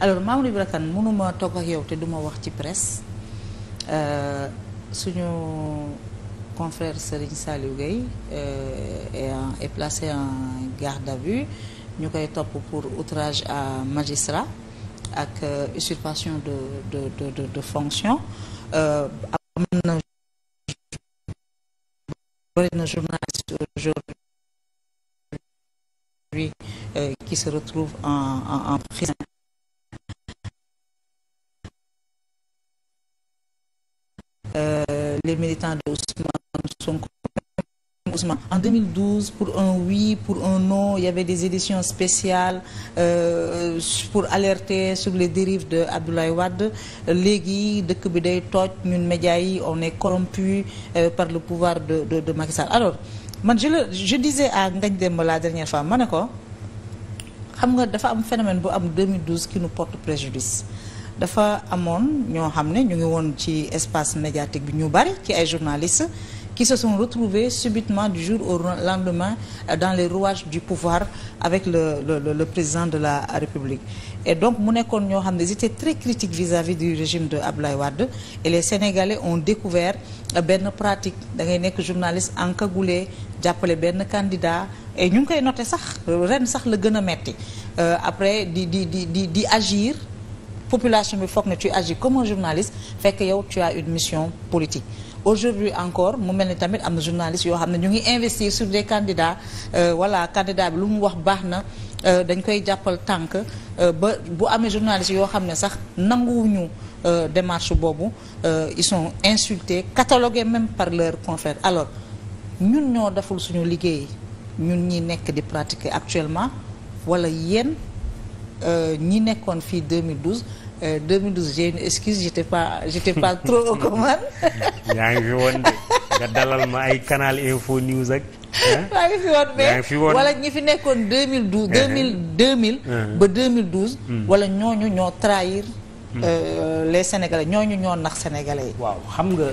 alors Mamour Ibra Kane mënuma toog ak yow te duma wax ci presse euh, suñu confrère Serigne Saliou Gueye euh, est placé en garde à vue ñu koy topp pour outrage à magistrat ak euh, usurpation de de de fonction am na bëri na journaliste aujourd'hui qui se retrouve en en en les militants de Ousmane Sonko Ousmane en 2012 pour un oui pour un non il y avait des éditions spéciales euh, pour alerter sur les dérives de Abdoulaye Wade dëkk bi day tooj ñun media yi on est corrompu euh, par le pouvoir de de de alors man je le je disais à Ngagne Demba la dernière fois ma ne ko xam nga dafa am phénomène bu am 2012 qui nous porte préjudice. dafa amoon ñoo xam ne ñu ngi woon ci espace médiatique bi ñu bari ci ay journalistes qui se sont retrouvés subitement du jour au lendemain dans les rouages du pouvoir avec le le le président de la République et donc mu nekkoon ñoo xam ne ils étaient très critiques vis-à-vis du régime de Abdoulaye Wade et les Sénégalais ont découvert benn pratique da ngay nekk journaliste encagoulé jàppale benn candidat et ñu ngi koy noté sax ren sax la gën a metti euh, après di di di di di agir population bi foog na tu agi comme un journaliste fekk yow tu as une mission politique aujourd'hui encore mu mel ni tamit am na journaliste yoo xam ne ñu ngi investir sur des candidats euh, voilà candidat bi lu mu wax baax na euh, dañ koy jàppal tànk euh, ba bu amee journaliste yoo xam ne sax nanguwuñu démarche boobu ils sont insultés catalogués même par leurs confrères alors ñun ñoo deful suñu liggéey ñun ñi nekk di pratiquer actuellement walla yéen Euh, ñi nekkoon fii 2012 2012 euh, j'ai une excuse j'étais pas j'étais pas trop aux commandes. yaa ngi fi woon de nga dalal ma ay canal info news ak. yaa ngi fi woon mais wala ñi fi nekkoon 2012. 2000 2000. ba 2012. Hmm. wala ñooñu ñoo trahir. Hmm. Euh, les sénégalais ñooñu ñoo nax sénégalais yi. waaw xam nga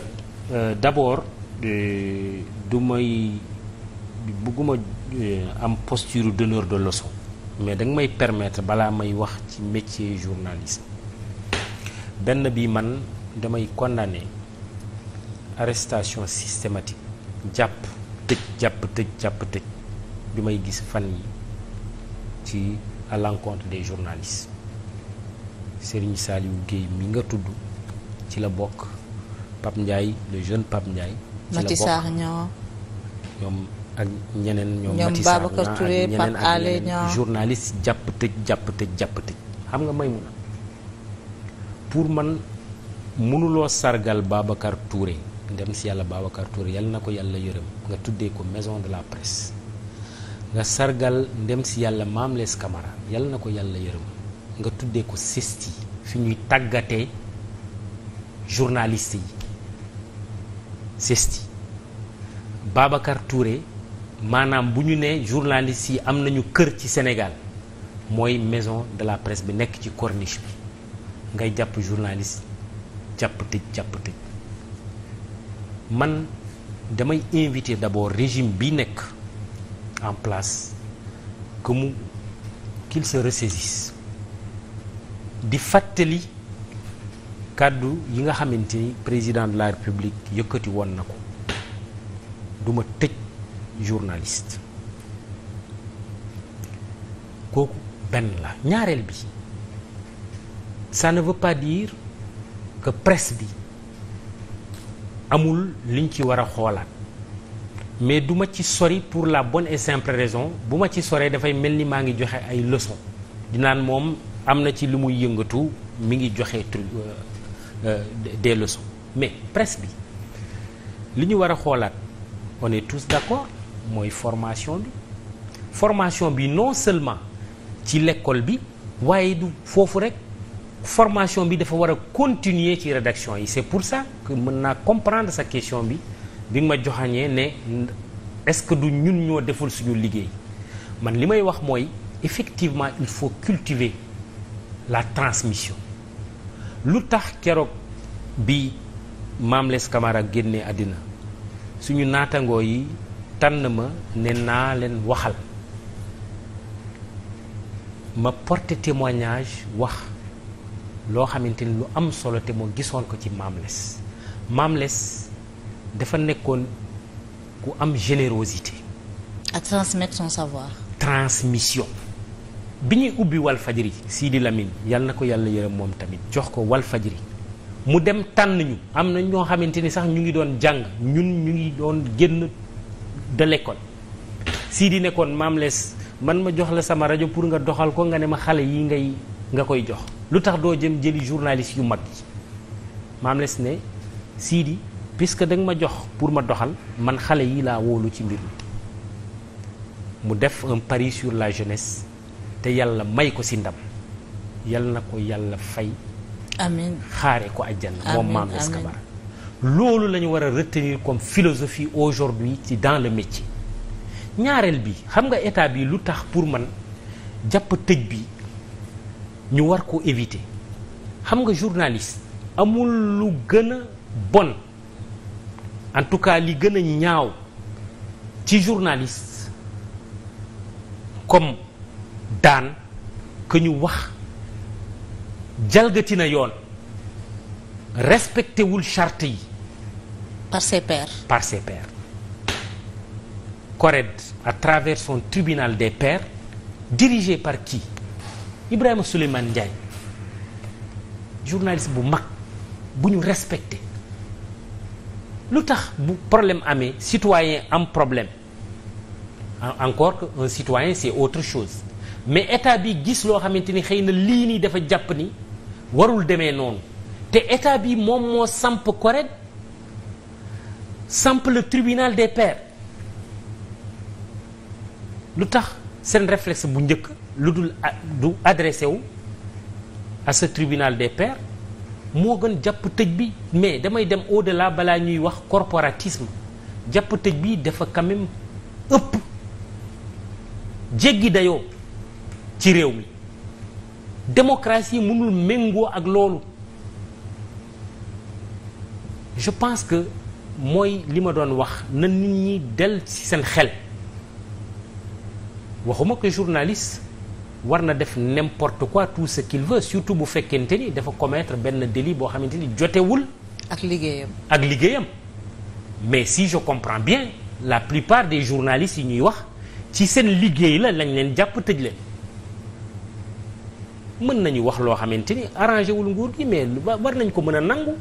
d'abord. du may bugguma am posture donneur de leçon mais danga may permettre balaa may wax ci métier journaliste benn bi man damay condamner arrestation systématique jàpp tëj jàpp tëj jàpp tëj bi may gis fan yi ci à l'encontre des journalistes Serigne Saliou mi nga tudd ci la bokk Pape Ndiaye le jeune Pape Ndiaye. ci la bokk ak ñeneen ñoom Babacar Touré Pape Alé Niang journaliste jàpp tëj jàpp tëj jàpp tëj xam nga may mun a pour man mënuloo sargal Babacar Touré ndem si yàlla Babacar Touré yal na ko yàlla yërëm nga tuddee ko maison de la presse nga sargal ndem si yàlla Mame Less Camara yal na ko yàlla yërëm nga tuddee ko CESTI fi ñuy tàggatee journaliste yi CESTI Babacar Touré maanaam bu ñu nee journalistes yi am nañu kër ci Sénégal mooy maison de la presse bi nekk ci corniche bi ngay jàpp journaliste jàpp tëj man damay invité d'abord régime bi nekk en place que mu qu'il se di fàttali kàddu yi nga xamante ni président de la république yëkkati woon na ko duma tëj journaliste kooku benn la ñaareel bi ça ne veut pas dire que presse bi amul liñ ci war a xoolaat mais du ma ci sori pour la bonne et simple raison bu ma ci soree dafay mel ni maa ngi joxe ay leçons dinaan moom am na ci lu muy yëngatu mi ngi joxe truc euh, euh, des leçons mais press bi li ñu war a xoolaat on tous d'accord mooy formation bi formation bi non seulement ci lekkool bi waaye du foofu rek formation bi dafa war a continuer ci rédaction yi c'est pour ça que mën naa comprendre sa question bi bi nga ma joxañee ne est-ce que du ñun ñoo deful suñu liggéey man li may wax mooy effectivement il faut cultiver la transmission lu tax keroog bi Mame Less Camara génnee àddina suñu naatangoo yi tànn ma ne naa leen waxal ma porte témoignage wax loo xamante ni lu am solo te moo gisoon ko ci Maam Les dafa nekkoon ku am générosité à transmettre son savoir transmission bi ñuy ubbi Walfajri Sidi Lamine yàlla na ko yàlla yërëm moom tamit jox ko Walfajri mu dem tànn ñu am na ñoo xamante ni sax ñu ngi doon jàng ñun ñu ngi doon génn de l'école sii di nekkoon maam lees man ma jox la sama rajo pour nga doxal ko nga ne ma xale yi ngay nga koy jox lu tax doo jëm jëli journaliste yu mag yi maam lees ne sii di puisque danga ma jox pour ma doxal man xale yi laa wóolu ci mbir mi mu def un pari sur la jeunesse te yàlla may ko si ndam yàlla na ko yàlla fay amiin xaare ko àjjana moom maam lees Kabara loolu la ñu war a retenir comme philosophie aujourd'hui ci dans le métier ñaareel bi xam nga état bi lu tax pour man jàpp tëj bi ñu war ko éviter xam nga journaliste amul lu gën a bon en tout cas li gën a ñaaw ci journaliste comme daan que ñu wax jalgati na yoon respecté wul charte yi Par ses pairs. Par ses pairs. CORED, travers son tribunal des pairs, dirigé par qui Ibrahima Souleymane Ndiaye journaliste bu mag bu ñu respecté lu tax bu problème amee citoyen am problème encore que un citoyen c'est autre chose mais état bi gis loo xamante ni xëy na lii nii dafa jàpp ni warul deme noonu te état bi moom moo samp CORED samp le tribunal des pairs lu tax seen réflexe bu njëkk lu dul du adressé wu à ce tribunal des pairs moo gën jàpp tëj bi mais damay dem de delà balaa ñuy wax corporatisme jàpp tëj bi dafa quand ëpp jéggi dayoo ci réew mi démocratie mënul méngoo ak loolu je pense que mooy li ma doon wax na nit ñi del ci seen xel waxuma que journaliste war na def n'importe quoi tout ce qu'il surtout bu fekkente ni dafa commettre benn délit boo xamante ni jotewul ak liggéeyam ak liggéeyam mais si je comprends bien la plupart des journalistes yi ñuy wax ci seen liggéey la lañ leen jàpp tëj leen mën nañu wax loo xamante ni arrangé wul nguur gi mais war nañ ko mën a nangu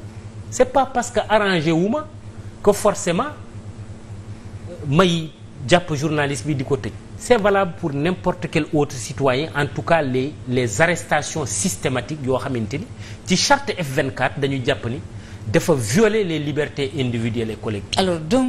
c'est pas parce que que forcément may jàpp journaliste bi di ko tëj c'est valable pour n'importe quel autre citoyen en tout cas les les arrestations systématiques yoo xamante ni ci charte F24 dañu jàpp ni dafa violer les libertés individuelles et collectives